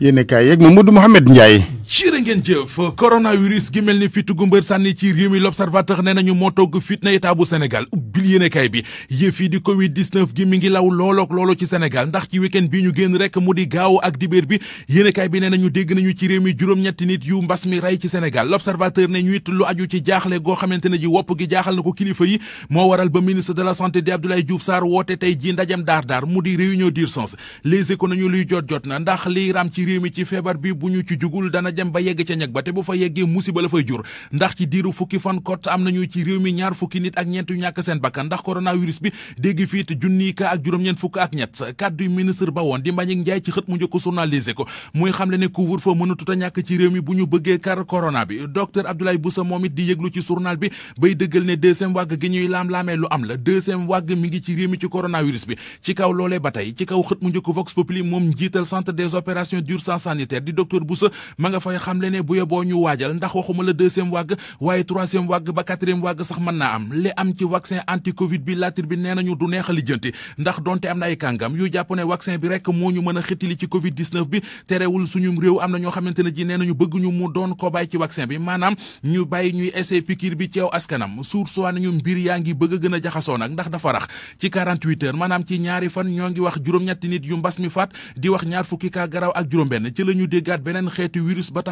yéen kaay yeeg Mamadou Mouhamed Ndiaye. ngeen jëf coronavirus gi mel ni fi tugg mbër sànni ci réew mi l'observateur nee nañu moo togg fitna état bu Sénégal ubbil yéenekaay bi yëf yi di covid 19 gi mi ngi law loolook loolo ci Sénégal ndax ci week bi ñu génn rek mu di gaaw ak dibéer bi yéenekaay bi nee nañu dégg nañu ci réew mi juróom-ñetti nit yu mbas mi rey ci Sénégal l'observateur ne ñu it lu aju ci jaaxle goo xamante ne ji wopp gi jaaxal na ko kilifa yi moo waral ba ministre de la santé di Abdoulaye jot jot na ndax liy ram mi ci feebar bi bu ñu ci jugul dana jëm ba yegg ca ñeg ba te bu fa yeggee musiba la fay jur ndax ci diiru fukki fan kot am nañu ci réew mi ñaar fukki nit ak ñeent yu ñàkk seen bakkan ndax coronavirus bi dégg fiit junni ka ak juróom-ñeent fukk ak ñett kàddu ministre ba woon di Mbagnick Ndiaye ci xët njëkk journalisé ko muy xamle ne couvre-feu mënatut a ñàkk ci réew mi bu ñu bëggee kar corona bi docteur Abdoulaye Boussa moom it di yëglu ci journal bi bay dëggal ne deuxième vague gi ñuy laam-laamee lu xamle ne bu yeboo ñu waajal ndax waxuma la deuxième vague waaye troisième vague ba quatrième vague sax mën naa am li am ci vaccin anti covid bi latir bi nee ñu du neex a lijjanti ndax donte am na ay kàngam yu jàpp ne vaccin bi rek moo ñu mën a xitili ci covid 19 bi terewul suñu réew am na ñoo xamante ne ji nee nañu bëgg ñu mu doon ko bàyyi ci vaccin bi maanaam ñu bàyyi ñuy essayé piqûre bi ci aw askanam suur soi nañu mbir yaa ngi bëgg a gën a jaxasoo nag ndax dafa rax ci 48 heures maanaam ñoo ngi wax juróom nit yu mbas mi faat wax ñaar fukki kaa garaw ak juróom benn ci la ñu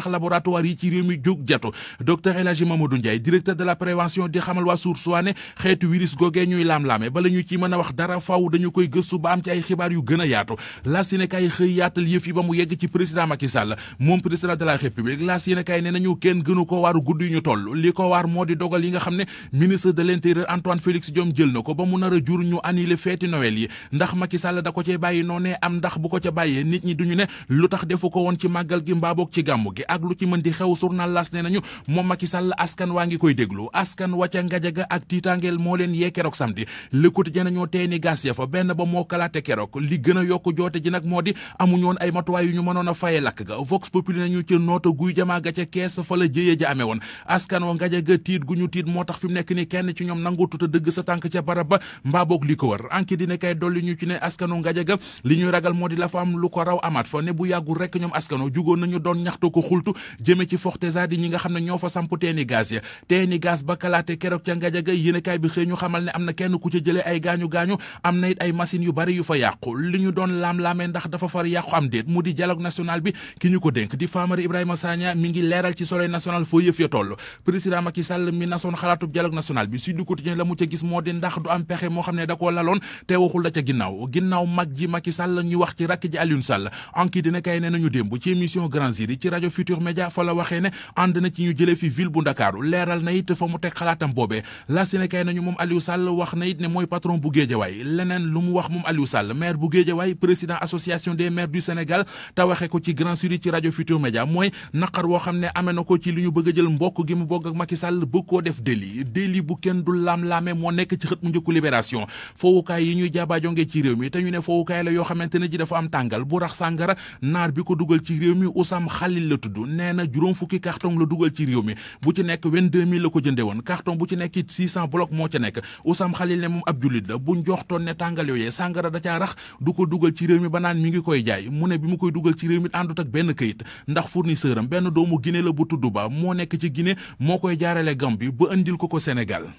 la laboratoire yi ci réew mi jóg jatu docteur El Hadji Mamadou Ndiaye directeur de la prévention di xamal waa suur suwaane xeetu virus googee ñuy laam-laame bala ñu ci mën a wax dara faaw dañu koy gëstu ba am ci ay xibaar yu gën a yaatu laas yéene kaay xëy yaatal yëf yi ba mu yegg ci président Macky Sall moom président de la république laas yéene kaay ne nañu kenn gënu ko waaru gudd yu ñu toll li ko waar moo di dogal yi nga xam ne ministre de l'intérieur Antoine Félix ba mu nar lu ci mën di xew journal L'As nee nañu moom Macky Sall askan waa ngi koy déglu askan wa ca ngajaga ak tiitaangeel moo leen yee keroog samedi Le Quotidien nañoo tey ni gas ya fa benn ba moo kalaate a yokk joote ji nag moo di amuñoon ay matuwaay yu ñu mënoon a faye lakk ga Vox Populi nañu ca noota guy jamaa ga ca kees fa la jëye ja amee woon askan wa ngajaga tiit gu ñu tiit moo tax fi mu nekk ni kenn ci ñoom nangu tuta dëgg sa tànk ca barab ba mbaa boog ko wër anki dina kay dolli ñu ci ne askanu ga li ñuy ragal moo di la am lu ko raw amaat fa ne bu yàggul rek ñoom askano jugoon nañu doon ñaxtoo ko jëme ci Fortesa di ñi nga xam ne ñoo fa samp teeni gaz ya teeni gaz ba kalaate keroog ca ngajaga yéenekaay bi xëy xamal ne am na kenn ku ca jëlee ay gaañu-gaañu am na it ay machines yu bari yu fa yàqu li ñu doon laam-laamee ndax dafa far yàqu am déet mu di dialogue national bi ki ñu ko dénk di Famara Ibrahima Sagna mi ngi leeral ci soleil national foo yëf ya toll président Macky Sall mi nasoon xalaatub dialogue national bi Sud du am pexe moo xam wax ci rakk ji Aliou média fa la waxee ne ànd na ci ñu jëlee fi ville bu ndakaaru leeral na it fa mu teg xalaatam boobee la Sénégal nañu moom Aliou Sall wax na it ne mooy patron bu Géejawaay leneen lu mu wax moom Aliou Sall maire bu Géejawaay président association des maires du Sénégal te waxee ko ci Grand Sud ci rajo Futurs Médias mooy naqar woo xam ne amee na ko ci li ñu bëgg a jël mbokk gi mu bokk ak Macky Sall bëgg koo def déli déli bu kenn du laam-laamee moo nekk ci xët libération foowukaay yi ñuy jaabajonge ci réew mi te ñu ne foowukaay la yoo xamante ne ji dafa am tàngal bu rax sàngara naar bi ko dugal ci réew mi Ousam Khalil la tudd nee na juróom fukki carton la dugal ci réew mi bu ci nekk 22000 la ko jënde woon carton bu ci nekk it 600 bloc moo ca nekk Ousam Xalil ne moom ab jullit la bu njoxtoon ne tàngalew yooyee sàngara da caa rax du ko dugal ci réew mi ba naan mi ngi koy jaay mu ne bi mu koy dugal ci réew mi àndut ak benn këyit ndax fournisseur am benn doomu Guinée la bu tudd ba moo nekk ci Guinée moo koy jaarale bi ba indil ko ko Sénégal